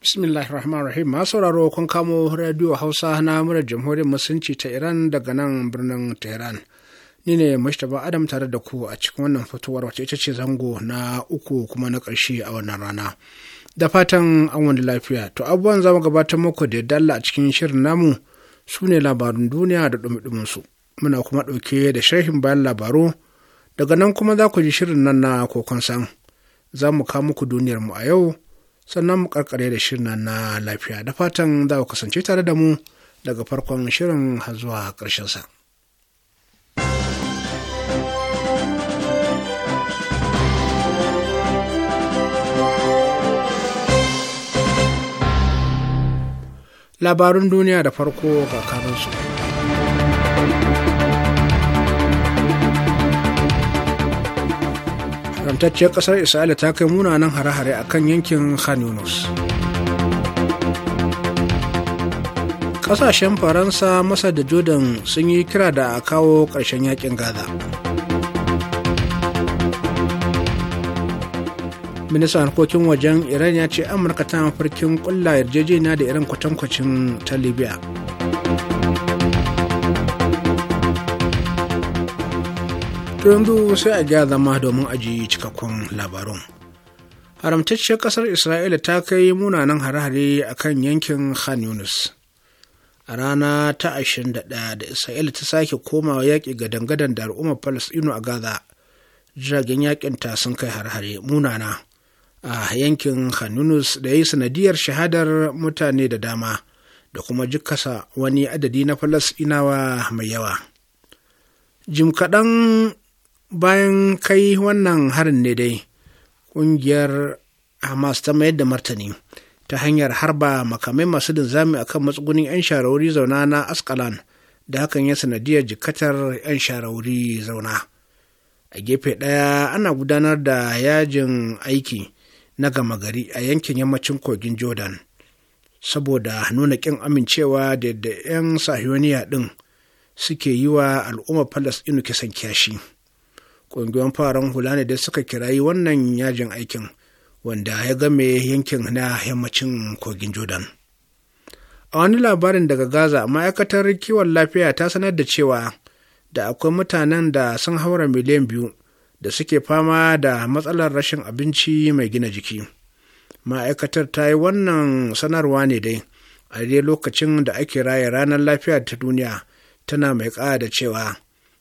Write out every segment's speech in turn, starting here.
bismillahir rahmanir rahim masu sauraro kun kamo radio hausa na murar jamhuriyar musulunci ta iran daga nan birnin tehran ni ne mustapha adam tare da ku a cikin wannan fitowar wacce ita ce zango na uku kuma na ƙarshe a wannan rana da fatan an wani lafiya to abubuwan za mu gabatar muku da dalla a cikin shirin namu su ne labarun duniya da ɗumi su muna kuma ɗauke da sharhin bayan labaru daga nan kuma za ku ji shirin nan na kokon san za mu kawo muku duniyar mu a yau sannan mu karkare da shirin na lafiya da fatan za ku kasance tare da mu daga farkon shirin har zuwa ƙarshen sa. Labarun duniya da farko ga kanunsu. haramtacciyar kasar isra'ila ta kai munanan hare-hare a kan yankin khan yunus kasashen faransa Masa da jordan sun yi kira da a kawo ƙarshen yakin gaza ministan harkokin wajen iran ya ce amurka ta mafarkin kulla yarjejeniya da irin kwatankwacin ta libya To yanzu sai a gyara zama domin aji cikakkun labarun. Haramtacciyar ƙasar Isra'ila ta kai munanan hare-hare a kan yankin Khan Yunus. A rana ta ashirin da ɗaya da Isra'ila ta sake komawa yaƙi ga dangadan da al'ummar Falasɗinu a Gaza. Jiragen ta sun kai hare-hare munana a yankin Khan Yunus da ya yi sanadiyar shahadar mutane da dama. da kuma jikasa wani adadi na falasɗinawa mai yawa jim kaɗan bayan kai wannan harin ne dai ƙungiyar hamas ta mayar da martani ta hanyar harba makamai masu linzami a kan matsugunin 'yan sharauri zauna na askalan da hakan ya sanadiyar jikatar 'yan sharauri zauna a gefe ɗaya ana gudanar da yajin aiki na gama gari a yankin yammacin kogin jordan saboda nuna ƙin amincewa da yadda 'yan sahiyoniya ɗin suke yi wa al'ummar inu kisan kyashi. Ƙungiyar faran hula ne da suka kirayi wannan yajin aikin wanda ya game yankin na yammacin kogin jordan a wani labarin daga gaza ma'aikatar kiwon lafiya ta sanar da cewa da akwai mutanen da sun haura miliyan biyu da suke fama da matsalar rashin abinci mai gina jiki ma'aikatar ta yi wannan sanarwa ne dai a dai lokacin da ake raya ranar lafiya ta duniya tana mai ƙara da cewa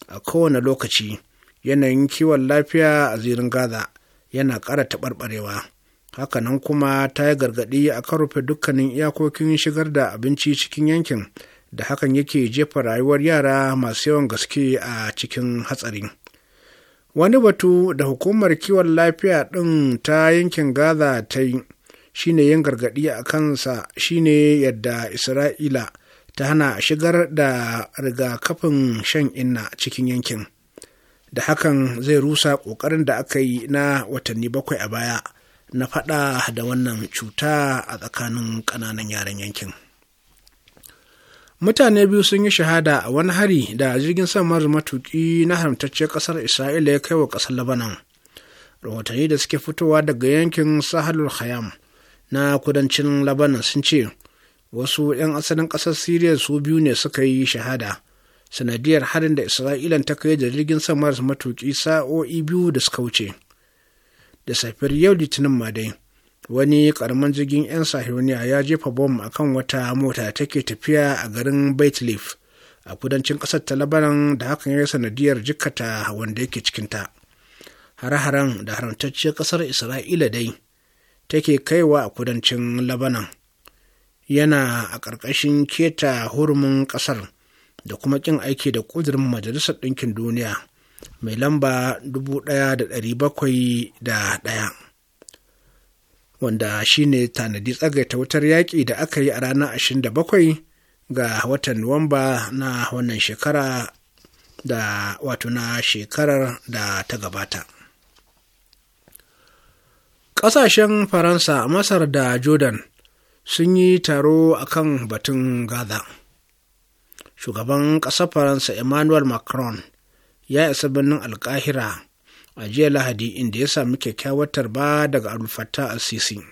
a kowane lokaci yanayin kiwon lafiya a zirin gaza yana ƙara taɓarɓarewa hakanan kuma ta yi gargaɗi a kan rufe dukkanin iyakokin shigar da abinci cikin yankin da hakan yake jefa rayuwar yara masu yawan gaske a cikin hatsari wani batu da hukumar kiwon lafiya ɗin ta yankin gaza ta yi shine yin gargaɗi a kansa shine yadda isra'ila ta hana shigar da rigakafin shan inna cikin yankin da hakan zai rusa ƙoƙarin da aka yi na watanni bakwai a baya na faɗa da wannan cuta a tsakanin ƙananan yaran yankin mutane biyu sun yi shahada a wani hari da jirgin samar matuƙi na haramtaccen ƙasar isra'ila ya kai wa ƙasar labanan rahotanni da suke fitowa daga yankin sahalul khayam na kudancin labanan sun ce wasu 'yan asalin ƙasar siriya su biyu ne suka yi shahada sanadiyar harin da isra'ilan ta kai da jirgin sama samar matuƙi sa'o'i biyu da suka wuce da safiyar yau litinin ma dai wani karamin jirgin 'yan sahiruniya ya jefa bom a kan wata mota ta ke tafiya a garin baitlif a kudancin ƙasar ta labaran da hakan ya sanadiyar jikata wanda yake cikinta hare-haren da haramtacciyar ƙasar isra'ila dai take kaiwa a kudancin labanan yana a ƙarƙashin keta hurumin ƙasar da kuma kin aiki da ƙudurin majalisar ɗinkin duniya mai lamba 1701 wanda shine tanadi tsagaita wutar yaƙi da aka yi a ranar 27 ga watan nuwamba na wannan shekara da wato na shekarar da ta gabata ƙasashen faransa masar da jordan sun yi taro akan batun gaza shugaban ƙasar faransa emmanuel macron ya isa birnin alkahira a jiya lahadi inda ya sami kyakkyawar tarba daga alfata a sisi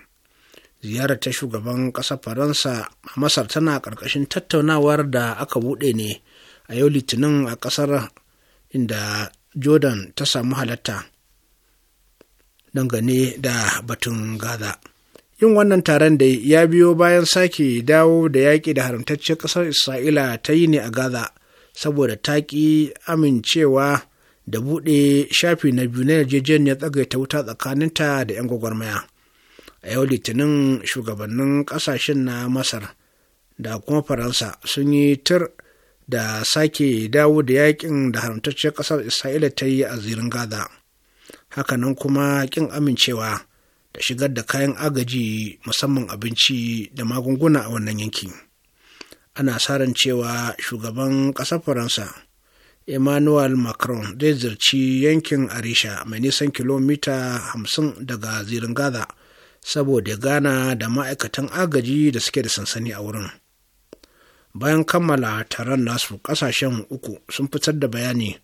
ziyarar ta shugaban ƙasar faransa a masar tana ƙarƙashin tattaunawar da aka buɗe ne a yau litinin a ƙasar inda jordan ta samu halatta dangane da batun gaza yin wannan taron da ya biyo bayan sake dawo da yaƙi da haramtacciyar ƙasar isra'ila ta yi ne a gaza saboda ta ƙi amincewa da buɗe shafi na biyu na yarjejeniyar tsagaita wuta tsakaninta da 'yan gwagwarmaya a yau litinin shugabannin ƙasashen na masar da kuma faransa sun yi tir da sake dawo da yaƙin da haramtacciyar ƙasar isra'ila ta yi a zirin gaza hakanan kuma ƙin amincewa da shigar da kayan agaji musamman abinci da magunguna a wannan yanki ana saran cewa shugaban ƙasar faransa emmanuel macron zai zirci yankin arisha mai nisan kilomita hamsin daga zirin gaza saboda gana da ma'aikatan agaji da suke da sansani a wurin bayan kammala taron nasu kasashen uku sun fitar da bayani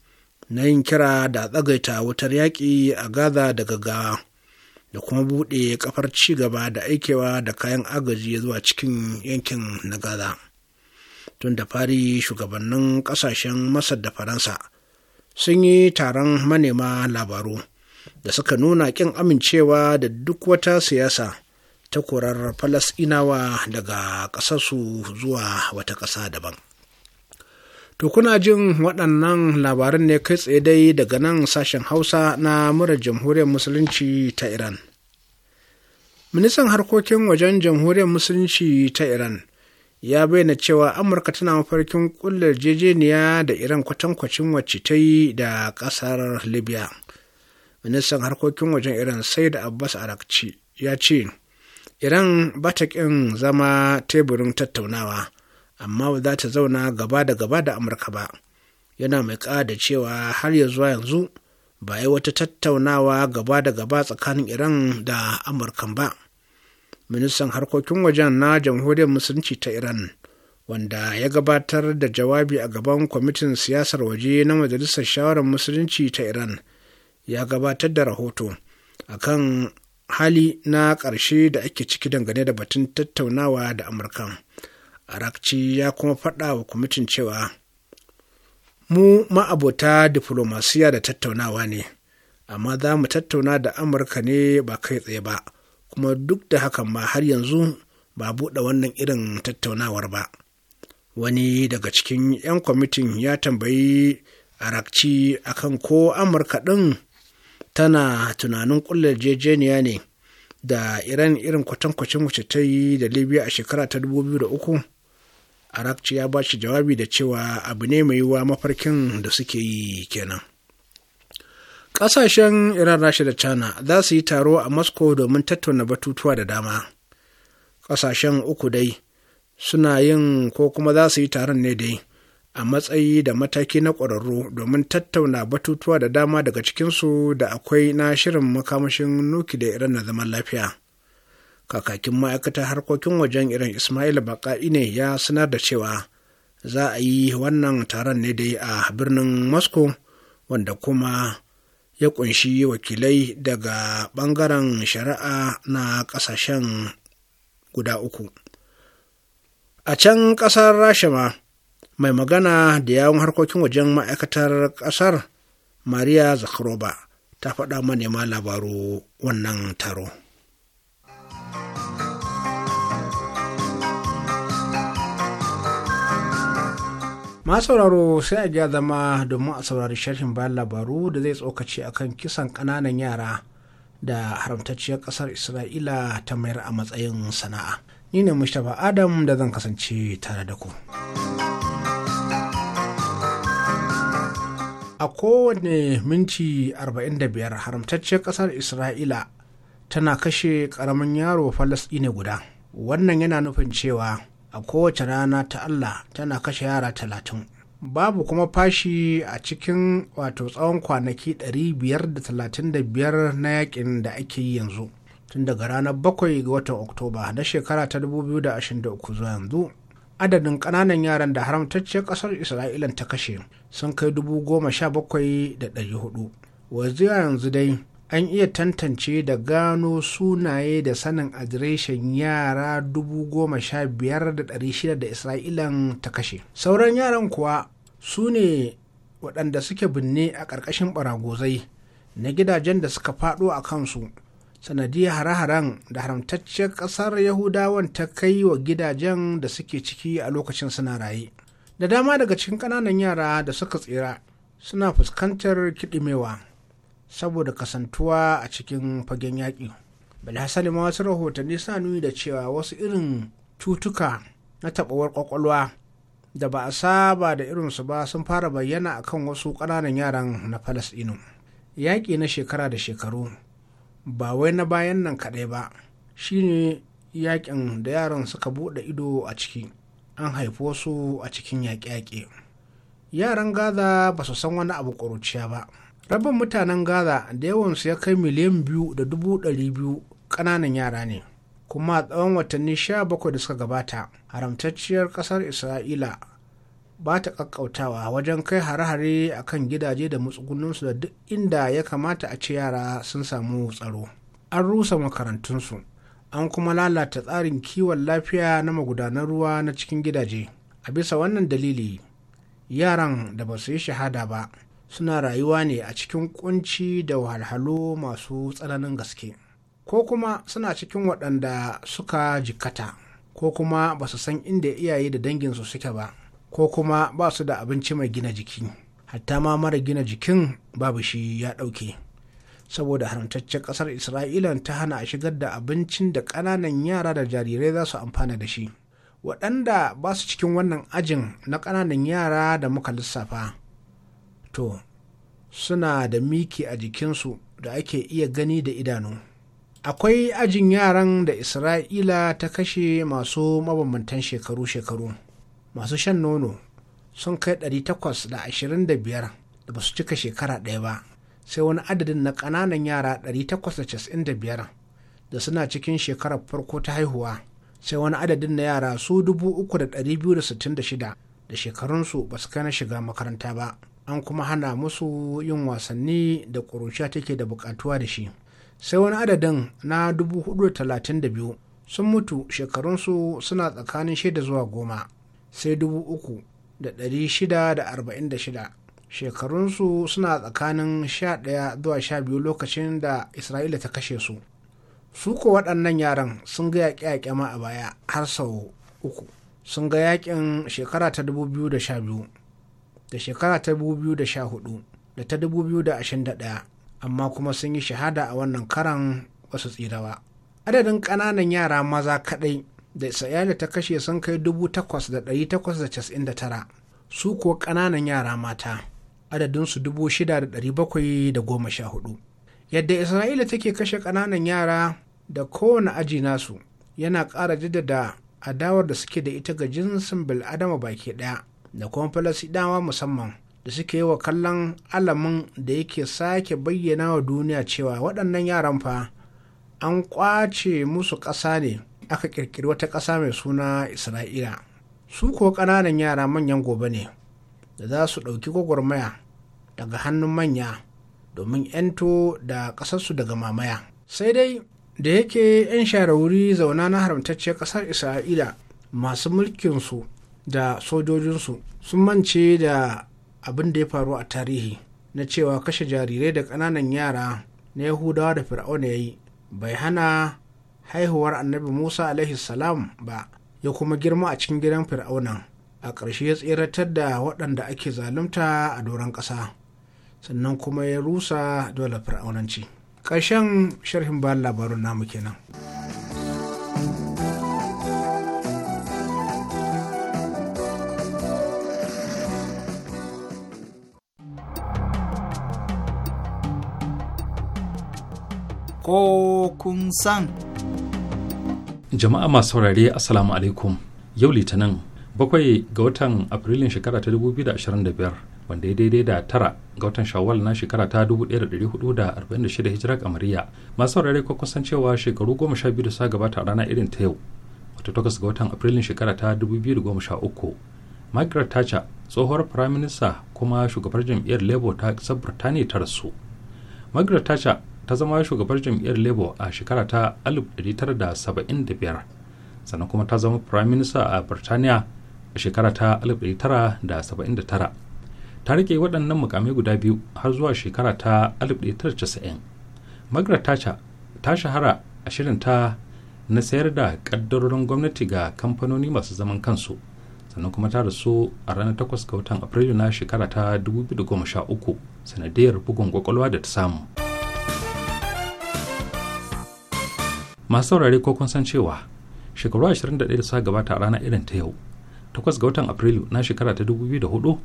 na yin kira da tsagaita wutar yaƙi a gaza da gaggawa da kuma buɗe kafar ci gaba da aikewa da kayan agaji zuwa cikin yankin na gaza tun da fari shugabannin ƙasashen masar da faransa sun yi taron manema labaru da suka nuna ƙin amincewa da duk wata siyasa ta korar falasɗinawa daga ƙasarsu zuwa wata ƙasa daban. To kuna jin waɗannan labaran ne kai tsaye dai daga nan sashen Hausa na mura Jamhuriyar Musulunci ta Iran. Ministan harkokin wajen Jamhuriyar Musulunci ta Iran ya bayyana cewa Amurka tana mafarkin ƙulla jejeniya da Iran kwatankwacin wacce ta yi da ƙasar Libya. Ministan harkokin wajen Iran sai da Abbas Arakci ya ce, Iran ba ta ƙin zama teburin tattaunawa. amma ba za ta zauna gaba da gaba da amurka ba yana mai da cewa har ya zuwa yanzu ba yi wata tattaunawa gaba da gaba tsakanin iran da amurkan ba ministan harkokin wajen na jamhuriyar musulunci ta iran wanda ya gabatar da jawabi a gaban kwamitin siyasar waje na majalisar shawarar musulunci ta iran ya gabatar da rahoto akan hali na ƙarshe da ake ciki dangane da batun tattaunawa da Amurkan. arakci ya kuma faɗa wa kwamitin cewa mu ma'abota diflomasiya da tattaunawa ne amma za mu tattauna da amurka ne ba kai tsaye ba kuma duk da hakan ma har yanzu ba buɗe wannan irin tattaunawar ba wani daga cikin 'yan kwamitin ya tambayi arakci akan ko amurka ɗin tana tunanin ƙullar jejeniya ne da iran irin kwatankwacin wacce ta yi da libya a shekara ta 2003 arakci ya ba shi jawabi da cewa abu ne mai yiwuwa mafarkin da suke yi kenan ƙasashen iran rasha da china za su yi taro a moscow domin tattauna batutuwa da dama ƙasashen uku dai suna yin ko kuma za su yi taron ne dai a matsayi da mataki na ƙwararru domin tattauna batutuwa da dama daga cikinsu da akwai na shirin makamashin nuki da iran na zaman lafiya kakakin ma'aikatar harkokin wajen irin ismail bakaɗi ne ya sanar da cewa za a yi wannan taron ne dai a birnin moscow wanda kuma ya kunshi wakilai daga ɓangaren shari'a na ƙasashen guda uku a can ƙasar rasha ma mai magana da yawon harkokin wajen ma'aikatar ƙasar maria zakharova ta faɗa manema labaru wannan taro. ma sauraro sai a ja zama domin a saurari sharhin bayan labaru da zai tsokaci akan kisan ƙananan yara da haramtacciyar ƙasar isra'ila ta mayar a matsayin sana'a ni ne mustapha adam da zan kasance tare da ku a kowane minti 45 haramtacciyar ƙasar isra'ila tana kashe ƙaramin yaro ne guda wannan yana nufin cewa a kowace rana ta Allah tana kashe yara talatin. Babu kuma fashi a cikin wato tsawon kwanaki biyar na yakin da ake yi yanzu. Tun daga ranar bakwai ga watan Oktoba na shekara ta 2023 zuwa yanzu. Adadin ƙananan yaran da haramtacciyar ƙasar Isra'ila ta kashe sun kai dubu goma sha bakwai da 17,400. Waziya yanzu dai an iya tantance da gano sunaye da sanin adireshin yara dubu sha biyar da da isra'ilan ta kashe sauran yaran kuwa su ne waɗanda suke binne a ƙarƙashin ɓaragozai na gidajen da suka faɗo a kansu sanadiyar hare-haren da haramtacciyar ƙasar yahudawan ta kai wa gidajen da suke ciki a lokacin suna raye da dama daga cikin ƙananan yara da suka tsira suna fuskantar kiɗimewa saboda kasantuwa a cikin fagen yaƙi bilhassali ma wasu rahotanni suna nuni da cewa wasu irin cutuka na taɓawar ƙwaƙwalwa da ba a saba da irinsu ba sun fara bayyana kan wasu ƙananan yaran na falasɗinu yaƙi na shekara da shekaru ba wai na bayan nan kaɗai ba shine yaƙin da yaran suka buɗe ido a ciki an haifi wasu a cikin yaƙe-yaƙe yaran gaza ba su san wani abu ƙuruciya ba rabin mutanen gaza da yawansu ya kai miliyan biyu da dubu ɗari biyu ƙananan yara ne kuma a tsawon watanni sha bakwai da suka gabata haramtacciyar ƙasar isra'ila ba ta ƙaƙƙautawa wajen kai hare-hare a kan gidaje da matsugunninsu da duk inda ya kamata a ce yara sun samu tsaro an rusa makarantunsu an kuma lalata tsarin kiwon lafiya na magudanar ruwa na cikin gidaje a bisa wannan dalili yaran da ba su yi shahada ba suna rayuwa ne a cikin kunci da wahalhalu masu tsananin gaske ko kuma suna cikin waɗanda suka jikkata ko kuma ba su san inda iyaye da danginsu suke ba ko kuma ba su da abinci mai gina jiki hatta ma mara gina jikin babu shi ya ɗauke saboda haramtaccen ƙasar isra'ila ta hana a shigar da abincin da ƙananan yara da jarirai za su amfana da shi waɗanda ba su cikin wannan ajin na ƙananan yara da muka lissafa to suna da miki a jikinsu da ake iya gani da idanu akwai ajin yaran da isra'ila ta kashe masu mabambantan shekaru-shekaru masu shan nono sun kai 825 da ba su cika shekara ɗaya ba sai wani adadin na ƙananan yara 895 da suna cikin shekarar farko ta haihuwa sai wani adadin na yara su shida da shekarunsu ba su kai na shiga makaranta ba an kuma hana musu yin wasanni da ƙuruciya take da bukatuwa da shi sai wani adadin na 432 sun mutu shekarunsu suna tsakanin shida zuwa goma sai 3,646 shekarunsu suna tsakanin 11 zuwa 12 lokacin da isra'ila ta kashe su su ko waɗannan yaran sun ga yaƙe-yaƙe ma a baya har sau uku sun ga yaƙin shekara ta 2012 da shekara ta 2014 da ta 2021 amma kuma sun yi shahada a wannan karan wasu tsirawa. Adadin ƙananan yara maza kaɗai da Isra'ila ta kashe sun kai 8,899 su kuwa ƙananan yara mata adadinsu 6,714. Yadda Isra'ila take kashe ƙananan yara da kowane aji nasu yana ƙara jaddada adawar da suke da ita ga jinsin bil'adama baki ɗaya da kuma falasɗinawa musamman da suke yi wa kallon alamin da yake sake bayyana wa duniya cewa waɗannan yaran fa an ƙwace musu ƙasa ne aka ƙirƙiri wata ƙasa mai suna isra'ila su ko ƙananan yara manyan gobe ne da za su ɗauki gwagwarmaya daga hannun manya domin 'yanto da ƙasarsu daga mamaya sai dai da yake 'yan share wuri zauna na haramtacciyar ƙasar isra'ila masu mulkinsu da sojojinsu sun mance da abin da ya faru a tarihi na cewa kashe jarirai da ƙananan yara na yahudawa da fir'auna ya yi bai hana haihuwar annabi musa alaihi salam ba ya kuma girma a cikin gidan fir'auna a ƙarshe ya tseratar da waɗanda ake zalunta a doron ƙasa sannan kuma ya rusa dole fir'aunanci ƙarshen sharhin bayan labarun namu kenan. ko kun san. Jama'a masu saurare Assalamu alaikum yau litinin bakwai ga watan Afrilun shekara ta 2025 wanda ya daidai da tara ga watan shawwal na shekara ta 1446 hijira kamariya masu saurare ko kusan cewa shekaru goma sha biyu da sa gabata a rana irin ta yau wata takwas ga watan Afrilun shekara ta 2013 Margaret Thatcher tsohuwar firaminista kuma shugabar jam'iyyar Labour ta ƙasar Birtaniya ta rasu. Margaret Thatcher ta zama shugabar jam'iyyar labour a shekara ta 1975 sannan kuma ta zama prime minister a birtaniya a shekara ta 1979 ta rike waɗannan mukamai guda biyu har zuwa shekara ta 1990 margaret thatcher ta shahara a shirinta na sayar da ƙaddarorin gwamnati ga kamfanoni masu zaman kansu sannan kuma ta rasu a ranar 8 ga watan afrilu na shekara ta 2013 sanadiyar bugun kwakwalwa da ta samu. masu saurare ko kun san cewa shekaru 21 da suka gabata a rana irin ta yau takwas ga watan afrilu na shekara ta 2004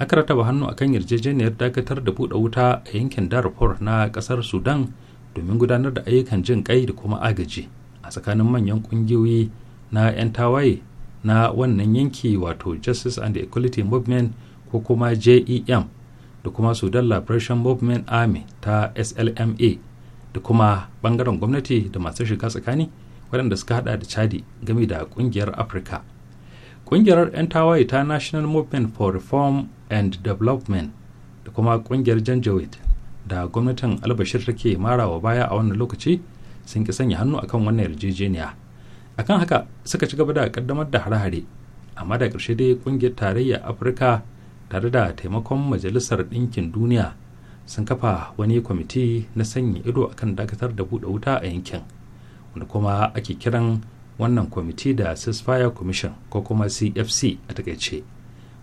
aka rataba hannu akan yarjejeniyar dakatar da buɗe wuta a yankin darfur na ƙasar sudan domin gudanar da ayyukan jin kai da kuma agaji a tsakanin manyan ƙungiyoyi na 'yan tawaye na wannan yanki wato justice and equality movement ko kuma jem da kuma sudan liberation movement army ta slma da kuma bangaren gwamnati da masu shiga tsakani waɗanda suka hada da chadi game da kungiyar afirka kungiyar 'yan tawaye ta national movement for reform and development da kuma kungiyar janjawid da gwamnatin albashir take wa baya a wannan lokaci sun ki sanya hannu akan wannan yarjejeniya akan haka suka ci gaba da kaddamar da hare-hare amma da ƙarshe dai kungiyar tarayya afirka tare da taimakon majalisar ɗinkin duniya sun kafa wani kwamiti na sanya ido akan dakatar da buɗe wuta a yankin wanda kuma ake kiran wannan kwamiti da ceasefire commission ko kuma cfc a takaice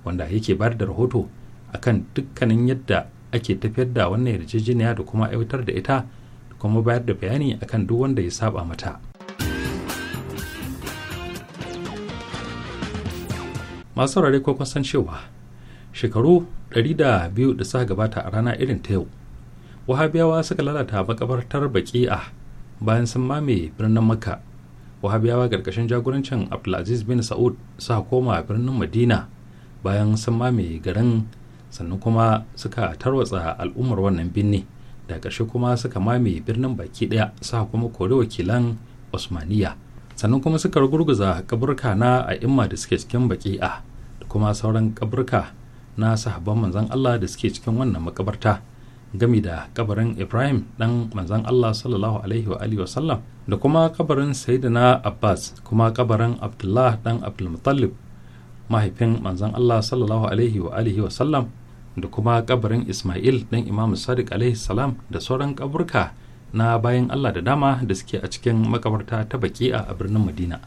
wanda yake bayar da rahoto akan dukkanin yadda ake tafiyar da wannan yarjejeniya da kuma aiwatar da ita da kuma bayar da bayani akan duk wanda ya saba mata masu saurare ko cewa shekaru Dari da biyu da suka gabata a rana irin ta yau wahabiyawa suka lalata makabartar baki'a bayan sun mame birnin makka wahabiyawa karkashin jagorancin abdulaziz bin sa'ud suka koma birnin madina bayan sun mame garin sannan kuma suka tarwatsa al'ummar wannan birni da ƙarshe kuma suka mame birnin baki ɗaya suka kuma kori wakilan osmaniya sannan kuma suka gurguza kaburka na a imma da suke cikin baki'a da kuma sauran kaburka na sahabban manzan Allah da suke cikin wannan makabarta gami da kabarin Ibrahim dan manzan Allah sallallahu alaihi wa alihi wasallam da kuma kabarin Sayyidina Abbas kuma kabarin Abdullah dan Muttalib mahaifin manzan Allah sallallahu alaihi wa alihi wasallam da kuma kabarin Ismail dan Imam Sadiq alaihi salam da sauran kaburka na bayan Allah da dama da suke a cikin makabarta ta baƙi a birnin Madina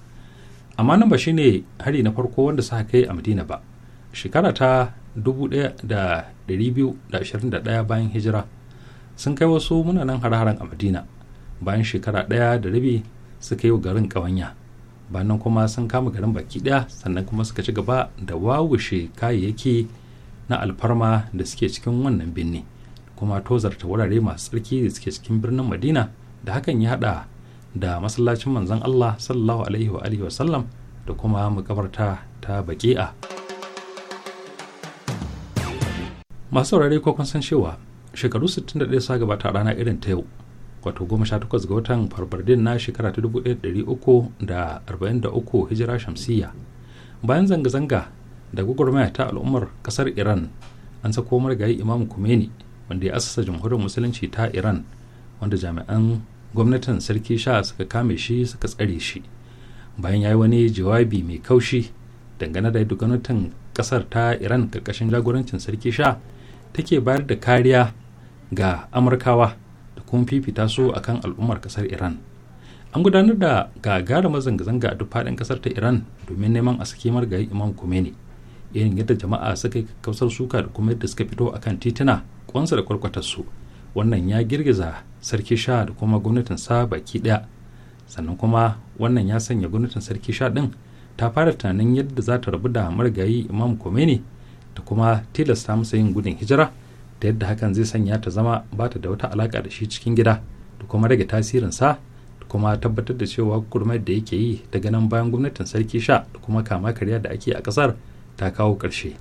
amma nan ba shine hari na farko wanda sa kai a Madina ba shekara ta 1221 bayan hijira sun kai wasu munanan har-haren a madina bayan shekara ɗaya da rabi suka yi wa garin ƙawanya bayan kuma sun kama garin baki ɗaya sannan kuma suka ci gaba da wawushe kayayyaki na alfarma da suke cikin wannan birni kuma tozarta wurare masu tsarki da suke cikin birnin madina da hakan ya haɗa da masallacin manzon allah sallallahu alaihi wa sallam da kuma makabarta ta baki'a. masu saurare ko kun san cewa shekaru 61 sa gabata rana irin ta yau wato 18 ga watan farfardin na shekara ta 1343 hijira shamsiyya bayan zanga-zanga da gwagwarmaya ta al'ummar kasar iran an sako marigayi imam kumeni wanda ya asasa jamhuriyar musulunci ta iran wanda jami'an gwamnatin sarki sha suka kame shi suka tsare shi bayan ya yi wani jawabi mai kaushi dangane da yadda gwamnatin kasar ta iran karkashin jagorancin sarki sha take bayar da kariya ga amurkawa da kuma fifita su a kan al'ummar kasar iran an gudanar da gagarumar zanga-zanga a duk faɗin kasar ta iran domin neman a saki margayi imam kumeni irin yadda jama'a suka yi kakkausar suka da kuma yadda suka fito akan tituna kwansa da kwarkwatar su wannan ya girgiza sarki sha da kuma gwamnatin sa baki ɗaya sannan kuma wannan ya sanya gwamnatin sarki sha din ta fara tunanin yadda za ta rabu da marigayi imam Khomeini da kuma tilasta masa yin gudun hijira da yadda hakan zai sanya ta zama ba ta da wata alaka da shi cikin gida da kuma rage tasirinsa da kuma tabbatar da cewa gurmar da yake yi daga nan bayan gwamnatin sarki sha da kuma kama karya da ake a kasar ta kawo ƙarshe.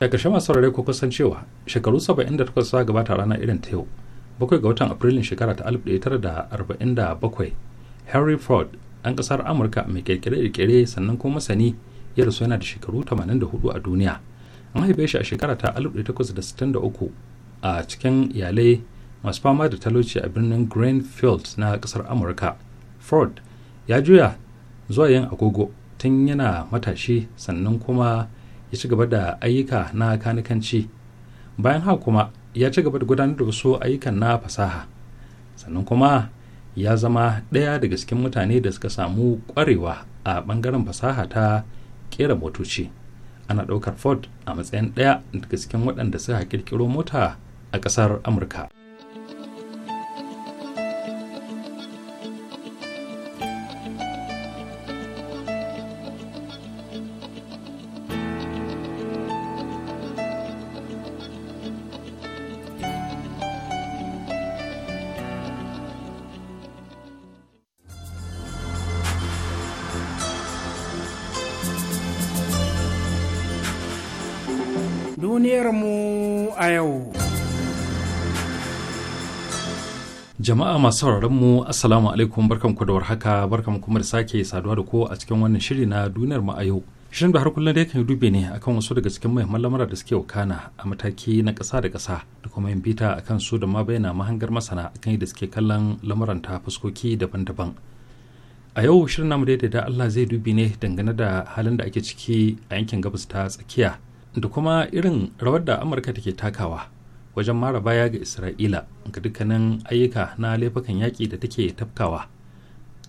da ƙarshe masu saurare ko kusan cewa shekaru 78 sa gabata rana irin ta yau bakwai ga watan afrilun shekara ta 1947 henry ford ɗan ƙasar amurka mai kirkire-kirkire sannan kuma masani ya rasu yana da shekaru 84 a duniya an haife shi a shekara ta 1863 a cikin iyalai masu fama da talauci a birnin greenfield na kasar amurka ford ya juya zuwa yin agogo tun yana matashi sannan kuma ya ci gaba da ayyuka na kanikanci bayan haka kuma ya ci gaba da gudanar da wasu ayyukan na fasaha sannan kuma ya zama ɗaya daga cikin mutane da suka samu ƙwarewa a ɓangaren fasaha ta kera motoci ana ɗaukar ford a matsayin ɗaya daga cikin waɗanda suka kirkiro mota a ƙasar amurka mu a yau. Jama'a masu sauraron mu Assalamu alaikum ku da warhaka barkan kuma da sake saduwa da ko a cikin wannan shiri na duniyar mu a yau. Shirin da har kullum da yakan dube ne akan wasu daga cikin muhimman lamura da suke wakana a mataki na ƙasa da ƙasa da kuma yin bita akan su da ma bayyana mahangar masana akan yadda suke kallon lamuran ta fuskoki daban-daban. a yau shirin namu daidai da Allah zai dubi ne dangane da halin da ake ciki a yankin gabas ta tsakiya da kuma irin rawar da amurka take takawa wajen mara baya ga isra'ila ga dukkanin ayyuka na laifukan yaƙi da take tafkawa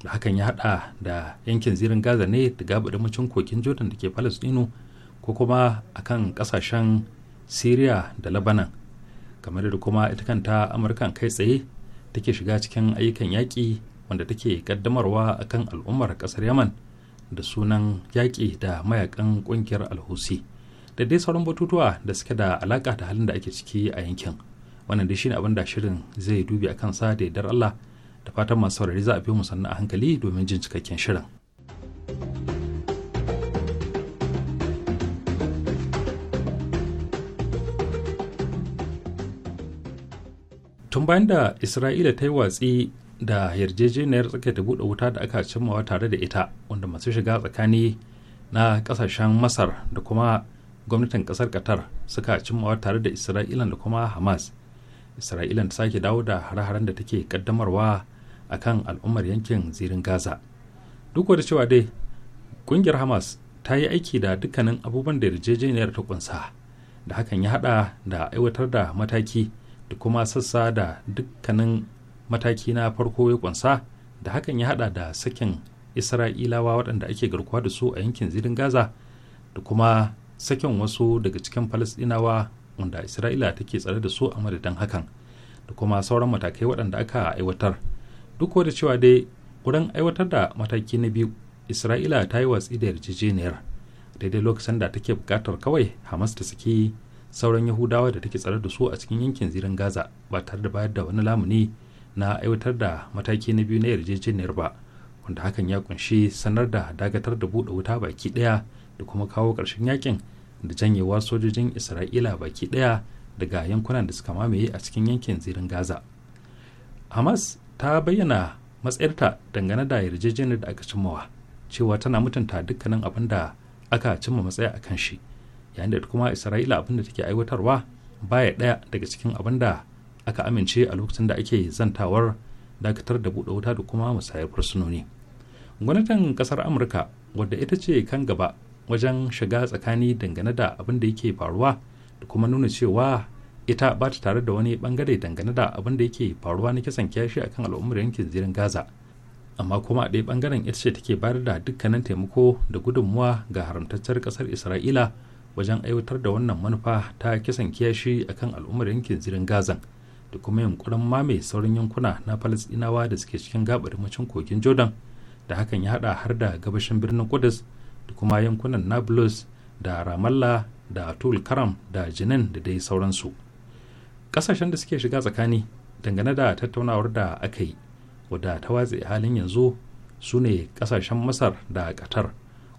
da hakan ya hada da yankin zirin gaza ne da gabaɗin kokin jordan da ke palestino ko kuma akan ƙasashen syria da labanan kamar da kuma ita kanta amurkan kai tsaye take shiga cikin ayyukan yaƙi wanda take ƙaddamarwa akan al'ummar ƙasar yaman da sunan yaƙi da mayakan ƙungiyar alhusi da dai sauran batutuwa da suke da alaka da halin da ake ciki a yankin wannan dai shine abin da shirin zai dubi a kansa da yardar Allah da fatan masu saurari za a fi mu sannu a hankali domin jin cikakken shirin. tun bayan da isra'ila ta yi watsi da yarjejeniyar ta buɗe wuta da aka cimmawa tare da ita wanda masu shiga tsakani na kasashen masar da kuma gwamnatin kasar qatar suka cimmawa tare da isra'ila da kuma hamas isra'ila ta sake dawo da hare-haren da take kaddamarwa a kan al'ummar yankin zirin gaza duk da cewa dai kungiyar hamas ta yi aiki da dukkanin abubuwan da yarjejeniyar ta kunsa da hakan ya hada da aiwatar da mataki da kuma sassa da dukkanin mataki na farko ya kunsa da hakan ya hada da sakin isra'ilawa waɗanda ake garkuwa da su a yankin zirin gaza da kuma saken wasu daga cikin falasdinawa wanda isra'ila take tsare da su a madadin hakan da kuma sauran matakai waɗanda aka aiwatar duk da cewa dai wurin aiwatar da mataki na biyu isra'ila ta yi watsi da yarjejeniyar daidai lokacin da take bukatar kawai hamas ta saki sauran yahudawa da take tsare da su a cikin yankin zirin gaza ba tare da bayar da wani lamuni na aiwatar da mataki na biyu na yarjejeniyar ba wanda hakan ya kunshi sanar da dagatar da buɗe wuta baki ɗaya da kuma kawo ƙarshen yakin da janyewa sojojin isra'ila baki ɗaya daga yankunan da suka mamaye a cikin yankin zirin gaza hamas ta bayyana matsayarta dangane da yarjejeniyar da aka cimmawa cewa tana mutunta dukkanin abin da aka cimma matsaya a kan shi yayin da kuma isra'ila abin da take aiwatarwa baya ɗaya daga cikin abin da aka amince a lokacin da ake zantawar dakatar da buɗe wuta da kuma musayar fursunoni gwamnatin ƙasar amurka wadda ita ce kan gaba wajen shiga tsakani dangane da abin da yake faruwa da kuma nuna cewa ita ba ta tare da wani bangare dangane da abin da yake faruwa na kisan kiyashi akan al'ummar yankin zirin gaza amma kuma a ɗaya bangaren ita ce take bayar da dukkanin taimako da gudunmuwa ga haramtaccen ƙasar isra'ila wajen aiwatar da wannan manufa ta kisan kiyashi akan al'ummar yankin zirin gazan da kuma yunkurin mame sauran yankuna na falasɗinawa da suke cikin gabar kogin jordan da hakan ya haɗa har da gabashin birnin kudus da kuma yankunan nablus da ramallah da atul karam da jinin da dai sauransu ƙasashen da suke shiga tsakani dangane da tattaunawar da aka yi wadda ta watsi halin yanzu su ne ƙasashen masar da qatar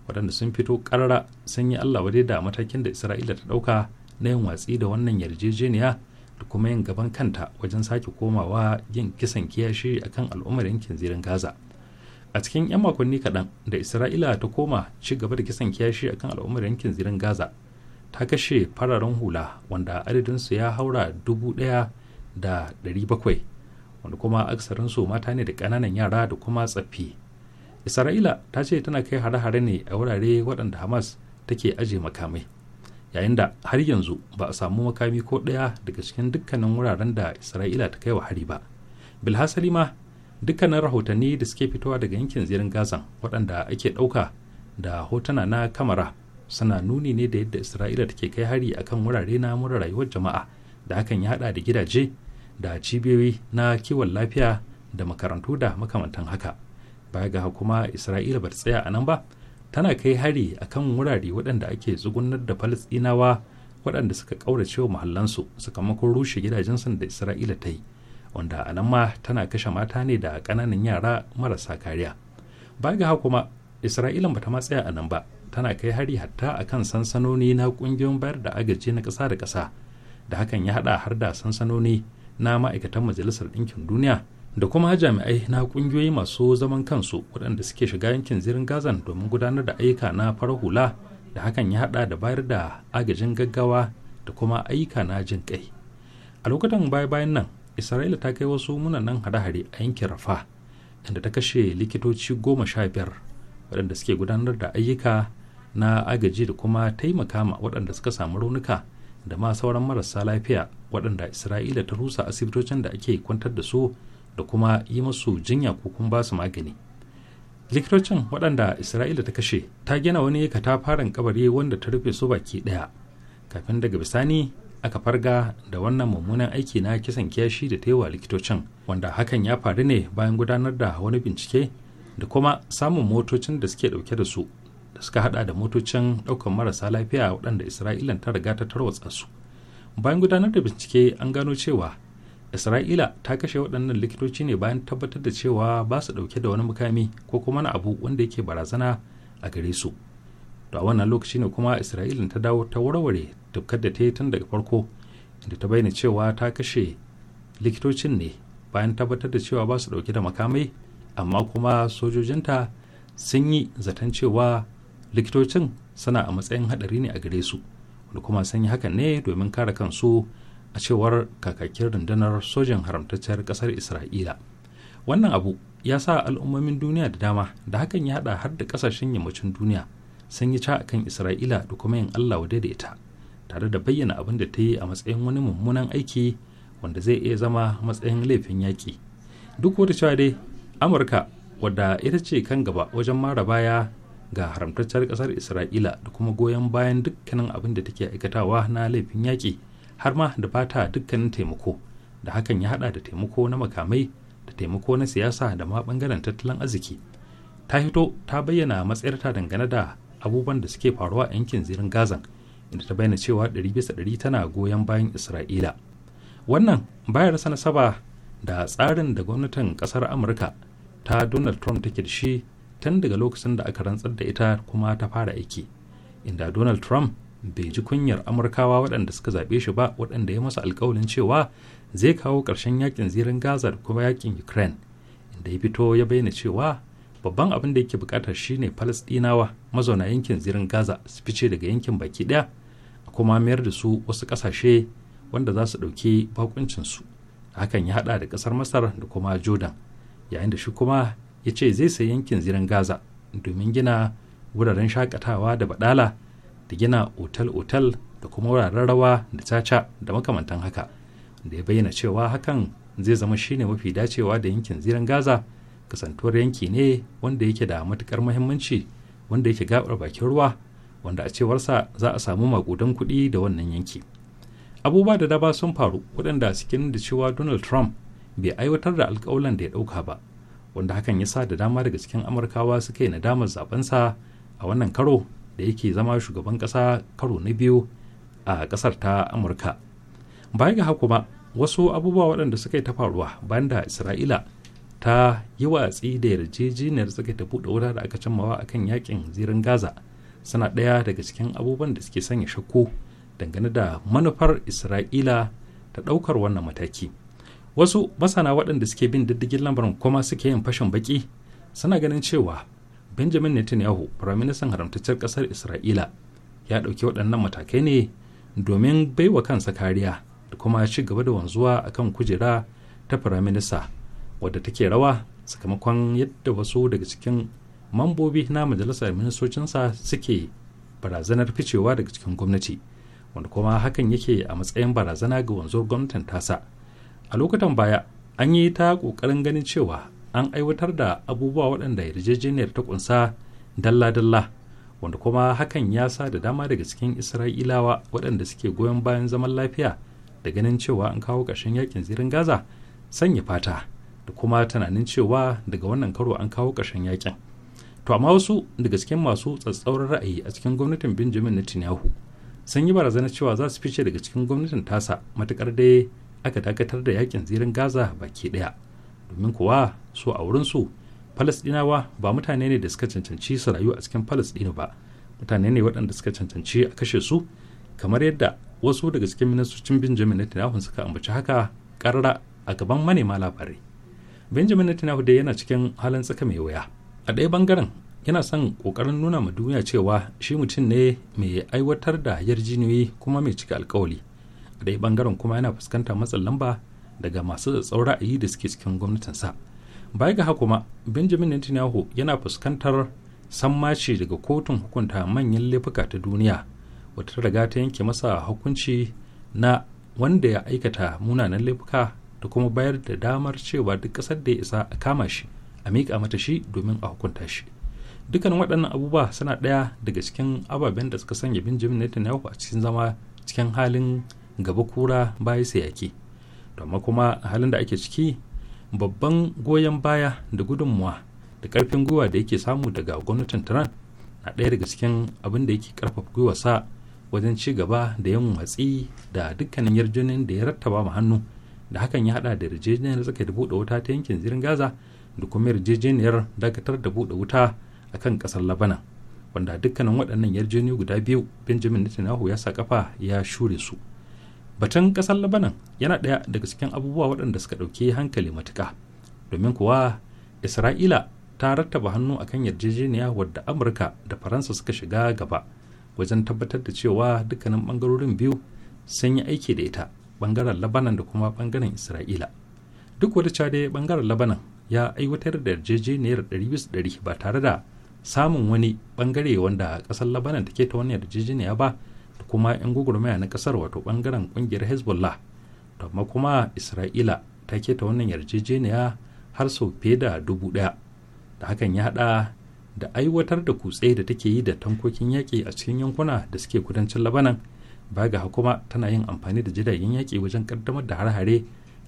waɗanda sun fito ƙarara sun yi allah wadai da matakin da isra'ila ta ɗauka na yin watsi da wannan yarjejeniya da kuma yin gaban kanta wajen sake komawa yin kisan kiyashi akan al'ummar yankin zirin gaza a cikin 'yan makonni kaɗan da isra'ila ta koma ci gaba da kisan kiyashi akan al'ummar yankin zirin gaza ta kashe fararen hula wanda adadinsu ya haura dubu ɗaya da ɗari bakwai wanda kuma aksarinsu mata ne da ƙananan yara da kuma tsaffi isra'ila ta ce tana kai hare-hare ne a wurare waɗanda hamas take aje makamai yayin da har yanzu ba a samu makami ko ɗaya daga cikin dukkanin wuraren da isra'ila ta kai wa hari ba bilhassali ma dukkanin rahotanni da suke fitowa daga yankin zirin gazan waɗanda ake ɗauka da hotuna na kamara suna nuni ne da yadda isra'ila take kai hari a kan wurare na mura rayuwar jama'a da hakan ya haɗa da gidaje da cibiyoyi na kiwon lafiya da makarantu da makamantan haka baya ga kuma isra'ila ba ta tsaya a nan ba tana kai hari a kan wurare waɗanda ake tsugunar da falasɗinawa waɗanda suka ƙaurace wa mahallansu sakamakon rushe gidajensu da isra'ila ta yi wanda ma tana kashe mata ne da ƙananan yara marasa kariya ba ga kuma isra'ila ba ta matsaya a nan ba tana kai hari hatta a kan sansanoni na ƙungiyoyin bayar da agaji na ƙasa da ƙasa da hakan ya haɗa har da sansanoni na ma'aikatan majalisar ɗinkin duniya da kuma jami'ai na ƙungiyoyi masu zaman kansu waɗanda suke shiga yankin zirin gazan domin gudanar da ayyuka na farar hula da hakan ya haɗa da bayar da agajin gaggawa da kuma ayyuka na jin kai a lokutan baya-bayan nan isra'ila ta kai wasu munanan hare-hare a yankin rafa inda ta kashe likitoci goma sha biyar waɗanda suke gudanar da ayyuka na agaji da kuma taimaka ma waɗanda suka samu raunuka da ma sauran marasa lafiya waɗanda isra'ila ta rusa asibitocin da ake kwantar da su da kuma yi masu jinya ko kuma basu magani likitocin waɗanda isra'ila ta kashe ta gina wani katafaren kabari wanda ta rufe su baki ɗaya kafin daga bisani aka farga da wannan mummunan aiki na kisan kiyashi da taiwa likitocin wanda hakan ya faru ne bayan gudanar da wani bincike da kuma samun motocin da suke dauke da su da suka hada da motocin daukan marasa lafiya waɗanda isra'ilan ta riga ta tarwatsa su bayan gudanar da bincike an gano cewa isra'ila ta kashe waɗannan likitoci ne bayan tabbatar da cewa ba su dauke da wani mukami ko kuma na abu wanda yake barazana a gare su a wannan lokaci ne kuma isra'ilin ta dawo ta warware tufkar da ta yi tun daga farko inda ta bayyana cewa ta kashe likitocin ne bayan tabbatar da cewa ba su dauke da makamai amma kuma sojojinta sun yi zaton cewa likitocin suna a matsayin hadari ne a gare su wanda kuma sun yi hakan ne domin kare kansu a cewar kakakin rundunar sojan haramtacciyar kasar isra'ila wannan abu ya sa al'ummomin duniya da dama da hakan ya hada har da kasashen yammacin duniya sun yi ca akan isra'ila da kuma yin allah wadai da ita tare da bayyana abin da ta yi a matsayin wani mummunan aiki wanda zai iya zama matsayin laifin yaƙi duk wata cewa dai amurka wadda ita ce kan gaba wajen mara baya ga haramtaccen ƙasar isra'ila da kuma goyon bayan dukkanin abin da take aikatawa na laifin yaƙi har ma da fata dukkanin taimako da hakan ya haɗa da taimako na makamai da taimako na siyasa da ma bangaren tattalin arziki ta hito ta bayyana matsayarta dangane da abubuwan da suke faruwa a yankin zirin gazan inda ta bayyana cewa 100% 100 tana goyon bayan isra'ila wannan bayar rasa nasaba da tsarin da gwamnatin kasar amurka ta donald trump take da shi tun daga lokacin da aka rantsar da ita kuma ta fara aiki inda donald trump bai ji kunyar amurkawa waɗanda suka zaɓe shi ba waɗanda ya masa alkawalin cewa zai kawo ƙarshen yakin zirin gaza da kuma yakin ukraine inda ya fito ya bayyana cewa babban abin da yake bukatar shine falasɗinawa mazauna yankin zirin gaza su fice daga yankin baki ɗaya kuma mayar da su wasu ƙasashe wanda za su ɗauki bakuncinsu hakan ya haɗa da ƙasar masar da kuma jordan yayin da shi kuma ya ce zai sayi yankin zirin gaza domin gina wuraren shakatawa da badala da gina otal-otal da kuma wuraren rawa da caca da makamantan haka da ya bayyana cewa hakan zai zama shine mafi dacewa da yankin zirin gaza kasantuwar yanki ne wanda yake da matukar muhimmanci wanda yake gabar bakin ruwa wanda a cewarsa za a samu makudan kuɗi da wannan yanki abubuwa da daba sun faru waɗanda cikin da cewa donald trump bai aiwatar da alkawalan da ya ɗauka ba wanda hakan ya sa da dama daga cikin amurkawa suka yi nadamar sa a wannan karo da yake zama shugaban ƙasa karo na biyu a ƙasar ta amurka baya ga haka wasu abubuwa waɗanda suka yi ta faruwa bayan da isra'ila ta yi watsi da yarjejeniyar suka ta buɗe wuta da aka cimmawa akan yakin zirin gaza suna ɗaya daga cikin abubuwan da suke sanya shakku dangane da manufar isra'ila ta ɗaukar wannan mataki wasu masana waɗanda suke bin diddigin lamarin kuma suke yin fashin baki suna ganin cewa benjamin netanyahu firaministan haramtaccen ƙasar isra'ila ya ɗauki waɗannan matakai ne domin baiwa kansa kariya da kuma ci gaba da wanzuwa akan kujera ta firaminista wadda take rawa sakamakon yadda wasu daga cikin mambobi na majalisar ministocinsa suke barazanar ficewa daga cikin gwamnati wanda kuma hakan yake a matsayin barazana ga wanzuwar gwamnatin tasa a lokutan baya an yi ta ƙoƙarin ganin cewa an aiwatar da abubuwa waɗanda yarjejeniyar ta ƙunsa dalla-dalla wanda kuma hakan ya sa da dama daga cikin isra'ilawa waɗanda suke goyon bayan zaman lafiya da ganin cewa an kawo ƙarshen yakin zirin gaza sanya fata da kuma tunanin cewa daga wannan karo an kawo ƙarshen yakin to amma wasu daga cikin masu tsatsauran ra'ayi a cikin gwamnatin benjamin netanyahu sun yi barazana cewa za su fice daga cikin gwamnatin tasa matukar dai aka dakatar da yakin zirin gaza baki daya domin kuwa so a wurin su falasdinawa ba mutane ne da suka cancanci su rayu a cikin falasdinu ba mutane ne waɗanda suka cancanci a kashe su kamar yadda wasu daga cikin ministocin benjamin netanyahu suka ambaci haka karara a gaban manema labarai benjamin netanyahu dai yana cikin halin tsaka mai wuya a ɗaya bangaren yana son ƙoƙarin nuna ma duniya cewa shi mutum ne mai aiwatar da yarjiniyoyi kuma mai cika alkawali a ɗaya bangaren kuma yana fuskantar matsin lamba daga masu tsatsau ra'ayi da suke cikin gwamnatinsa baya ga haka benjamin netanyahu yana fuskantar sammace daga kotun hukunta manyan laifuka ta duniya wata riga ta yanke masa hukunci na wanda ya aikata munanan laifuka da kuma bayar da damar cewa duk ƙasar da ya isa a kama shi a miƙa mata shi domin a hukunta shi dukkan waɗannan abubuwa suna ɗaya daga cikin ababen da suka sanya benjamin netanyahu a cikin zama cikin halin gaba kura baya sai yaki amma kuma a halin da ake ciki babban goyon baya da gudunmuwa da ƙarfin gwiwa da yake samu daga gwamnatin trump na ɗaya daga cikin abin da yake ƙarfafa gwiwa sa wajen ci gaba da yin watsi da dukkanin yarjunin da ya rattaba mu hannu da hakan ya haɗa da yarjejeniyar da suka buɗe wuta ta yankin zirin gaza da kuma yarjejeniyar dakatar da buɗe wuta a kan ƙasar labanan wanda dukkanin waɗannan yarjejeniyoyi guda biyu benjamin netanyahu ya sa kafa ya shure su batun ƙasar labanan yana ɗaya daga cikin abubuwa waɗanda suka ɗauki hankali matuka domin kuwa isra'ila ta rattaba hannu akan yarjejeniya wadda amurka da faransa suka shiga gaba wajen tabbatar da cewa dukkanin ɓangarorin biyu sun yi aiki da ita ɓangaren labanan da kuma ɓangaren isra'ila duk wata cade ɓangaren labanan ya aiwatar da yarjejeniyar ɗari ba tare da samun wani bangare wanda kasar labanan take ta wani yarjejeniya ba da kuma 'yan gwagwarmaya na kasar wato bangaren kungiyar hezbollah da kuma isra'ila ta ke ta wannan yarjejeniya har sau fiye da dubu daya da hakan ya hada da aiwatar da kutse da take yi da tankokin yaƙi a cikin yankuna da suke kudancin labanan ba ga hukuma tana yin amfani da jiragen yaƙi wajen kaddamar da har-hare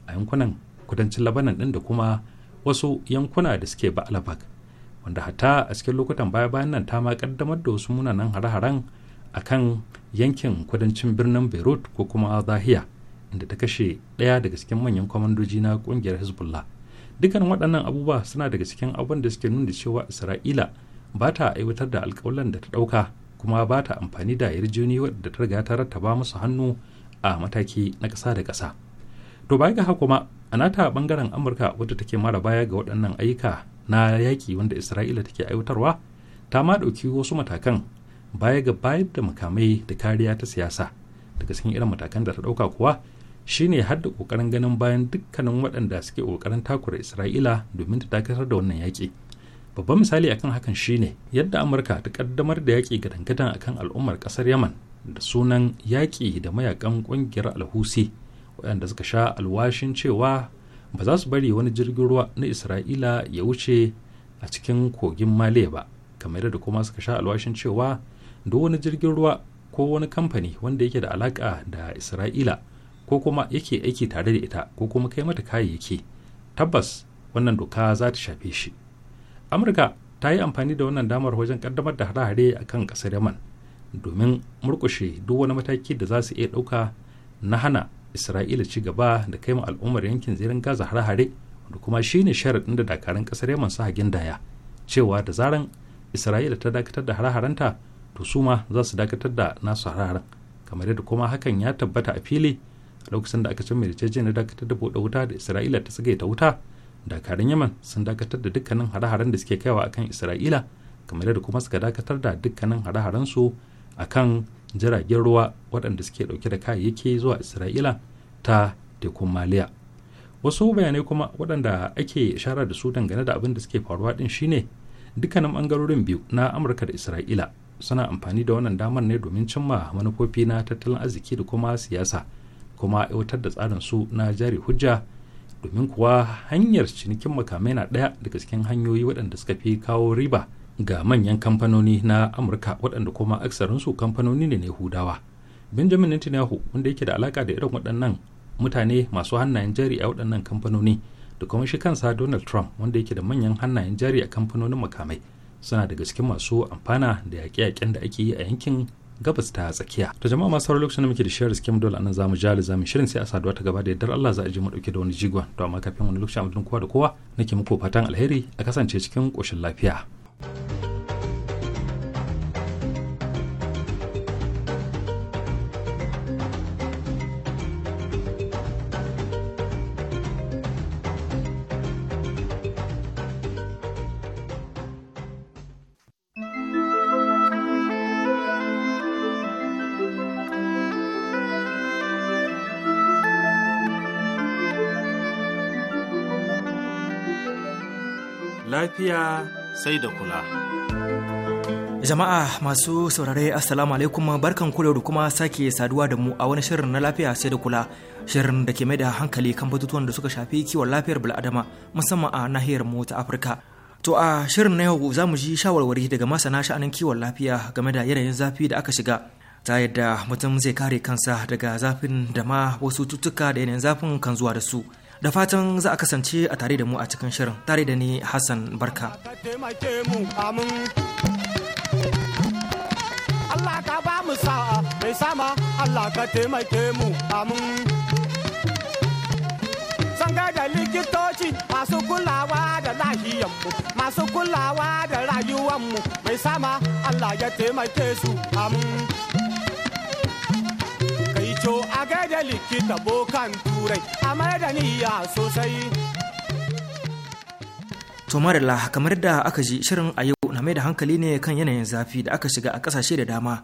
a yankunan kudancin labanan ɗin da kuma wasu yankuna da suke ba'alabak wanda hata a cikin lokutan baya-bayan nan ta ma kaddamar da wasu munanan hare-haren a kan yankin kudancin birnin beirut ko kuma zahiya inda ta kashe ɗaya daga cikin manyan kwamandoji na ƙungiyar hezbollah dukkan waɗannan abubuwa suna daga cikin abin da suke nuna cewa isra'ila ba ta aiwatar da alƙawalan da ta ɗauka kuma ba ta amfani da yarjejeniyar da ta riga ta rattaba musu hannu a mataki na ƙasa da ƙasa. to baya ga kuma a nata bangaren amurka wadda take mara baya ga waɗannan ayyuka na yaƙi wanda isra'ila take aiwatarwa ta ma ɗauki wasu matakan baya ga bayar da makamai da kariya ta siyasa daga cikin irin matakan da ta ɗauka kuwa shine har da ƙoƙarin ganin bayan dukkanin waɗanda suke ƙoƙarin takura isra'ila domin ta dakatar da wannan yaƙi babban misali akan hakan shine yadda amurka ta ƙaddamar da yaƙi gadangadan akan al'ummar ƙasar yaman da sunan yaƙi da mayakan ƙungiyar alhusi waɗanda suka sha alwashin cewa ba za su bari wani jirgin ruwa na isra'ila ya wuce a cikin kogin maliya ba kamar da kuma suka sha alwashin cewa duk wani jirgin ruwa ko wani kamfani wanda yake da alaka da isra'ila ko kuma yake aiki tare da ita ko kuma kai mata kayayyaki tabbas wannan doka za ta shafe shi amurka ta yi amfani da wannan damar wajen kaddamar da hare-hare a kan ƙasar yaman domin murkushe duk wani mataki da za su iya ɗauka na hana isra'ila ci gaba da kai ma al'ummar yankin zirin gaza hare-hare da kuma shine sharaɗin da dakarun ƙasar yaman su hagin daya cewa da zaran isra'ila ta dakatar da hare-harenta to su ma za su dakatar da nasu hare-haren kamar yadda kuma hakan ya tabbata a fili a lokacin da aka cimma yarjejeniyar dakatar da buɗe wuta da isra'ila ta tsagaita wuta dakarun yaman sun dakatar da dukkanin hare-haren da suke kaiwa akan isra'ila kamar yadda kuma suka dakatar da dukkanin hare-haren su akan jiragen ruwa waɗanda suke ɗauke da kayayyaki zuwa isra'ila ta tekun maliya wasu bayanai kuma waɗanda ake shara da su dangane da abin da suke faruwa ɗin shine dukkanin bangarorin biyu na amurka da isra'ila suna amfani da wannan damar ne domin cimma manufofi na tattalin arziki da kuma siyasa kuma aiwatar da tsarin su na jari hujja domin kuwa hanyar cinikin makamai na ɗaya daga cikin hanyoyi waɗanda suka fi kawo riba ga manyan kamfanoni na amurka waɗanda kuma aksarinsu kamfanoni ne na hudawa benjamin netanyahu wanda yake da alaka da irin waɗannan mutane masu hannayen jari a waɗannan kamfanoni da kuma shi kansa donald trump wanda yake da manyan hannayen jari a kamfanonin makamai suna daga cikin masu amfana da yaƙe-yaƙen da ake yi a yankin gabas ta tsakiya ta jama'a masu sauran lokacin da muke da shirin skim dole anan zamu jali zamu shirin sai a saduwa ta gaba da yardar Allah za a ji mu dauke da wani jigon to amma kafin wani lokacin a kowa da kowa nake muku fatan alheri a kasance cikin koshin lafiya lafiya sai da kula. Jama'a masu saurare Assalamu alaikum barkan kula da kuma sake saduwa da mu a wani shirin na lafiya sai da kula shirin da ke mai da hankali kan batutuwan da suka shafi kiwon lafiyar bil'adama musamman a nahiyar mu ta Afirka. To a shirin na yau za mu ji shawarwari daga masana sha'anin kiwon lafiya game da yanayin zafi da aka shiga ta yadda mutum zai kare kansa daga zafin da ma wasu cututtuka da yanayin zafin kan zuwa da su. da fatan za a kasance a tare da mu a cikin shirin tare da ni Hassan Barka. Allah ka ba mu sa'a mai sama Allah ka taimake mu amin. Sanga da likitoci masu kulawa da lahiyanmu masu kulawa da rayuwanmu mai sama Allah ya taimake su amin. to a gaida likita bokan turai a mai da niyya sosai to marilla kamar da aka ji shirin a yau na mai da hankali ne kan yanayin zafi da aka shiga a kasashe da dama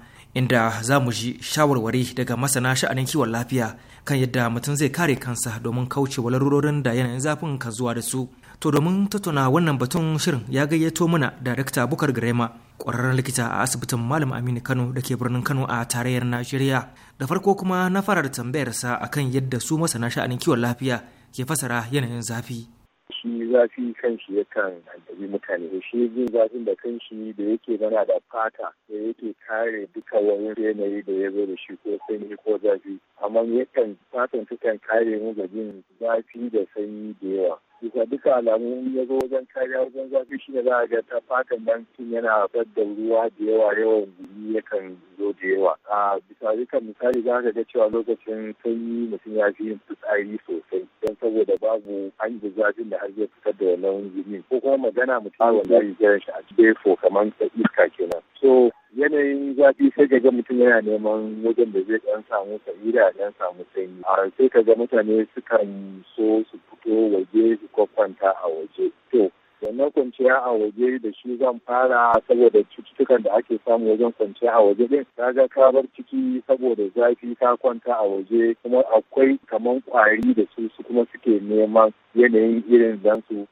inda za mu ji shawarwari daga masana sha'anin kiwon lafiya kan yadda mutum zai kare kansa domin kauce wa larurorin da yanayin zafin ka zuwa da su to domin tattauna wannan batun shirin ya gayyato mana darakta bukar grema ƙwararren likita a asibitin malam aminu kano da ke birnin kano a tarayyar najeriya da farko kuma na fara da tambayarsa akan yadda su masana sha'anin kiwon lafiya ke fasara yanayin zafi shi zafi kanshi yakan addabi mutane shi jin zafin da kanshi da yake mana da fata da yake kare duka wani yanayi da ya zo da shi ko sanyi ko zafi amma yakan fatan kan kare mu ga jin zafi da sanyi da yawa bisa duka alamu ya zo wajen kariya wajen zafi shi ne za a ga ta fatan bankin yana da ruwa da yawa yawan gumi yakan zo da yawa a bisa duka misali za ka ga cewa lokacin sanyi mutum ya fi yin fitsari sosai don saboda babu an ji zafin da har zai fitar da wannan gumi ko kuma magana mutum wanda ya yi shi a cikin kamar kamar iska kenan so yanayin zafi sai ga ga mutum yana neman wajen da zai dan samu sa'ida dan samu sanyi a sai ka ga mutane sukan so su fito waje su kwakwanta a waje to wannan kwanciya a waje da shi zan fara saboda cututtukan da ake samu wajen kwanciya a waje din kaga ka bar ciki saboda zafi ka kwanta a waje kuma akwai kaman kwari da su su kuma suke neman yanayin irin zan su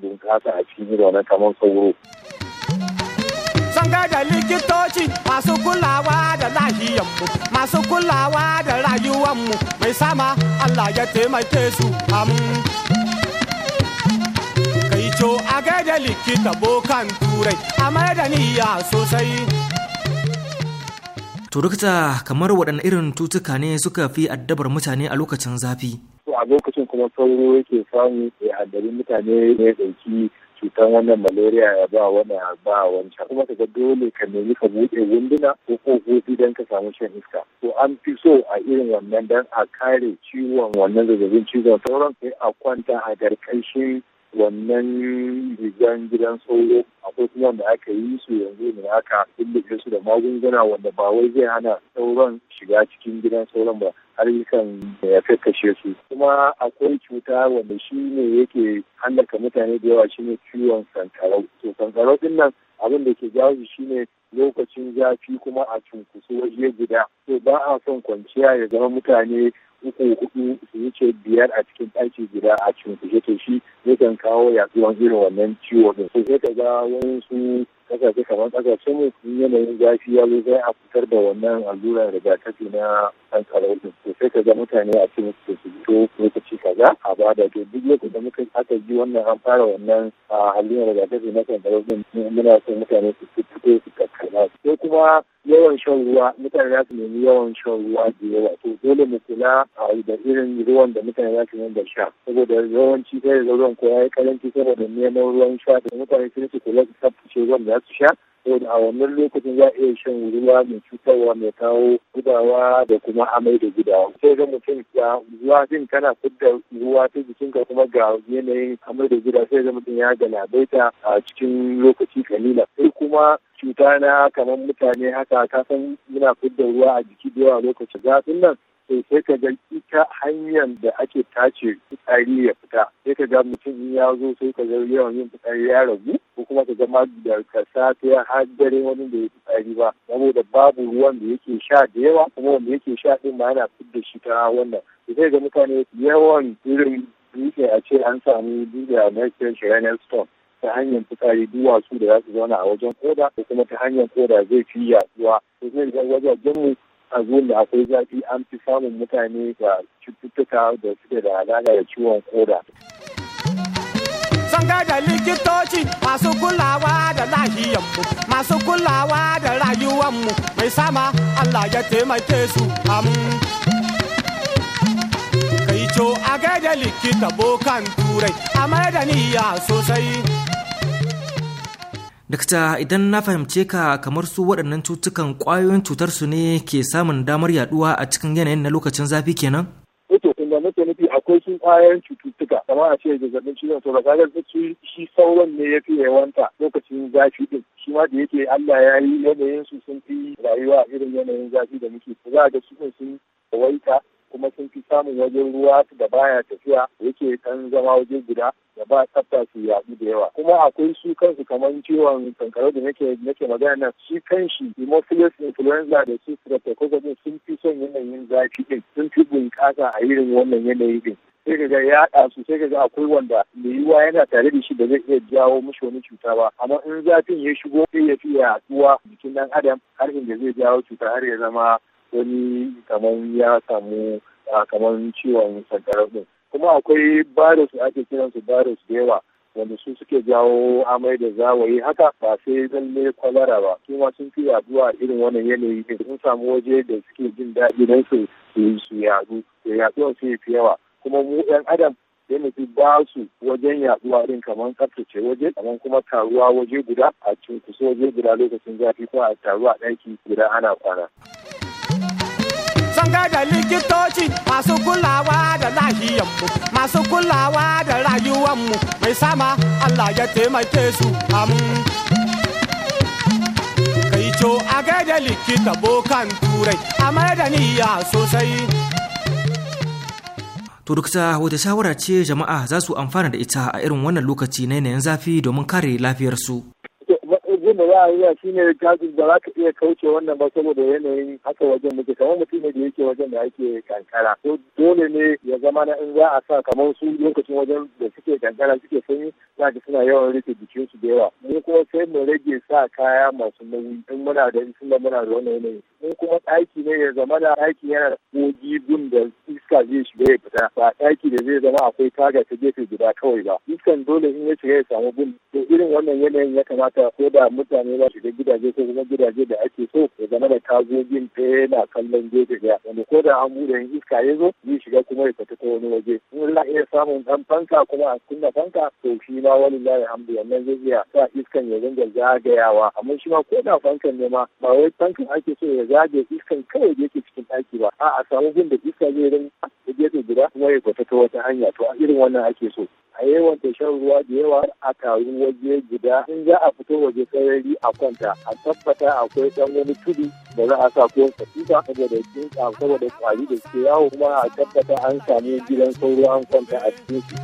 bunƙasa a cikin irin wannan kaman sauro. sanga da likitoci masu kulawa da lahiyanmu masu kulawa da mu mai sama Allah ya taimake su am kai co a gaida likita bokan turai a mai da niyya sosai turukta kamar waɗanne irin tutuka ne suka fi addabar mutane a lokacin zafi a lokacin kuma sauro yake samu ya haddari mutane ya ɗauki cutar wannan malaria ya ba wani ya ba wancan kuma kaga dole ka nemi ka buɗe wunduna ko kofofi don ka samu shan iska ko an fi so a irin wannan dan a kare ciwon wannan zazzabin cizon sauran sai a kwanta a garkashin wannan rigan gidan sauro akwai kuma da aka yi su yanzu ne aka illike su da magunguna wanda ba wai zai hana sauran shiga cikin gidan sauron ba har yakan ya kakkashe su kuma akwai cuta wanda shi ne yake hallaka mutane da yawa shi ne ciwon sankarau to sankarau din nan abin da ke jawo shi shine lokacin zafi kuma a cunkusu waje guda to ba a son kwanciya ya zama mutane uku hudu su wuce biyar a cikin ɗaki guda a cikin kushe to shi yakan kawo yaduwan irin wannan ciwo din sai ka ga wani su kasashe kamar kasashe mu in yanayin zafi ya zo sai a fitar da wannan allurar rigakafi na sankarau din to sai ka ga mutane a cikin su su fito lokaci kaza a bada to duk lokacin da muka aka ji wannan an fara wannan allurar rigakafi na sankarau din muna son mutane su fito su kakkara sai kuma yawan shan ruwa mutane za su nemi yawan shan ruwa da yawa to dole mu kula da irin ruwan da mutane za su da sha saboda yawanci sai da ruwan ko ya yi karanci saboda neman ruwan sha da mutane sun su kula da tsaftace ruwan da su sha a wannan lokacin za a iya shan ruwa mai cutarwa mai kawo gudawa da kuma amai da gudawa sai ga mutum ya ruwa jin kana fidda ruwa ta jikinka kuma ga yanayin amai da gudawa sai ga mutum ya galabaita a cikin lokaci kalila sai kuma cuta na kamar mutane haka kasan muna fidda ruwa a jiki da yawa lokacin zafin nan to sai ka ga ita hanyar da ake tace fitsari ya fita sai ka ga mutum in ya zo sai ka ga yawan yin fitsari ya ragu ko kuma ka ga ma da kasa ta ya haddare wani da ya fitsari ba saboda babu ruwan da yake sha da yawa kuma wanda yake sha din ma yana fidda shi ta wannan sai ga mutane yawan irin dutse a ce an samu dutse a Mercury Shiranian Stone ta hanyar fitsari duwatsu da za su zauna a wajen koda ko kuma ta hanyar koda zai fi yaduwa to zai ga wajajen mu a da akwai zafi an fi samun mutane da cututtuka da suke da halaga da ciwon koda. Sanga da likitoci masu kulawa da lahiyanmu, masu kulawa da rayuwanmu mai sama Allah ya taimake su amu. Kai co a gaida likita bokan turai, a mai da niyya sosai. Dakta idan na fahimce ka kamar su waɗannan cutukan ƙwayoyin cutar su ne ke samun damar yaduwa a cikin yanayin na lokacin zafi kenan? Ito eh inda nake nufi akwai sun ƙwayoyin cututtuka kamar a ce zazzabin cizon sauro zai su shi sauran ne ya fi yawanta lokacin zafi din shi ma da yake Allah ya yi yanayin su sun fi rayuwa irin yanayin zafi da muke za a ga su sun kawaita. kuma sun fi samun wajen ruwa da baya tafiya yake kan zama waje guda da ba tsafta su yaɗu da yawa kuma akwai su kansu kamar ciwon kankarau da nake nake magana nan shi kanshi hemophilus influenza da su streptococcus sun fi son yanayin zafi din sun fi bunƙasa a irin wannan yanayi din sai ka ga ya su sai ka ga akwai wanda mai yiwuwa yana tare da shi da zai iya jawo mishi wani cuta ba amma in zafin ya shigo sai ya fi yaɗuwa, jikin ɗan adam har inda zai jawo cuta har ya zama wani kamar ya samu kamar ciwon sankarar din kuma akwai virus da ake kiran su virus da yawa wanda su suke jawo amai da zawayi haka ba sai lalle kwalara ba su ma sun fi yaduwa irin wannan yanayi ne sun samu waje da suke jin daɗi don su su yadu da yaduwar su fi yawa kuma mu ɗan adam ya nufi ba su wajen yaduwa din kamar tsaftace waje kamar kuma taruwa waje guda a cinkusa waje guda lokacin zafi kuma a taruwa ɗaki guda ana kwana. sanga da likitoci masu kulawa da lahiyanmu masu kulawa da rayuwanmu mai sama Allah ya taimake su am kai co a gaida likita bokan turai a mai da niyya sosai To duk wata shawara ce jama'a za su amfana da ita a irin wannan lokaci na yanayin zafi domin kare lafiyar su. za a iya shi ne gajin da za ka iya kauce wannan ba saboda yanayin haka wajen muke kamar mutum ne da yake wajen da ake kankara ko dole ne ya zama na in za a sa kamar su lokacin wajen da suke kankara suke sanyi za ka suna yawan rike su da yawa mu kuma sai mu rage sa kaya masu nauyi in muna da isla muna da wannan yanayi in kuma ɗaki ne ya zama da ɗaki yana da kogi gun da iska zai shiga ya fita ba ɗaki da zai zama akwai taga ta gefe guda kawai ba iskan dole in ya shiga ya samu gun to irin wannan yanayin ya kamata ko da mutane mutane ba shiga gidaje ko kuma gidaje da ake so ya zama da tagogin ta yana kallon gefe ɗaya wanda ko da an buɗe iska ya zo zai shiga kuma ya fita ta wani waje in la iya samun ɗan fanka kuma a kunna fanka to shi ma wani layi hamdu wannan zai iya sa iskan ya dinga zagayawa amma shi ma ko da fankan ne ma ba wai fankan ake so ya zage iskan kawai da yake cikin ɗaki ba a'a samu gun da iska zai rinka gefe guda kuma ya fita ta wata hanya to a irin wannan ake so a yawanta shan ruwa da yawa a taru waje guda in za a fito waje sarari a kwanta a tabbata akwai dan wani tudu da za a sa ko katifa saboda tsuntsa saboda kwari da suke yawo kuma a tabbata an samu gidan sauro an kwanta a cikin su.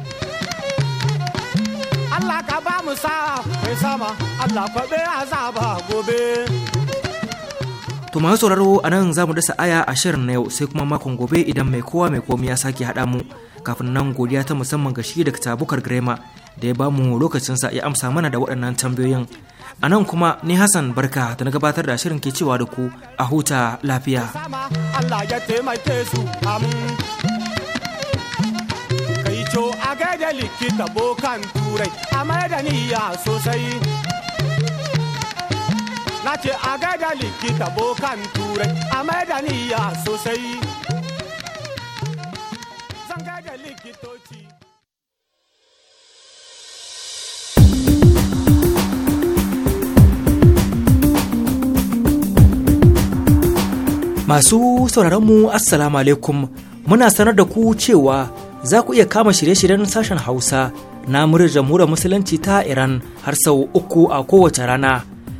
Allah ka ba mu sa mai sama Allah kwabe azaba gobe. To masu sauraro a nan za mu dasa aya a shirin na yau sai kuma makon gobe idan mai kowa mai komi ya sake haɗa mu kafin nan godiya ta musamman ga shi daga tabukar grema da ya bamu sa ya amsa mana da waɗannan tambayoyin. A nan kuma ni Hassan Barka ta na gabatar da shirin ke cewa da ku a huta lafiya. Allah ya taimake su a gaida likita bokan turai a niyya sosai. na ce a gaida likita bokan turai a maida niyya sosai zan likitoci Masu sauraronmu Assalamu alaikum muna sanar da ku cewa za ku iya kama shirye-shiryen sashen Hausa na muryar jamhuriyar Musulunci ta Iran har sau uku a kowace rana.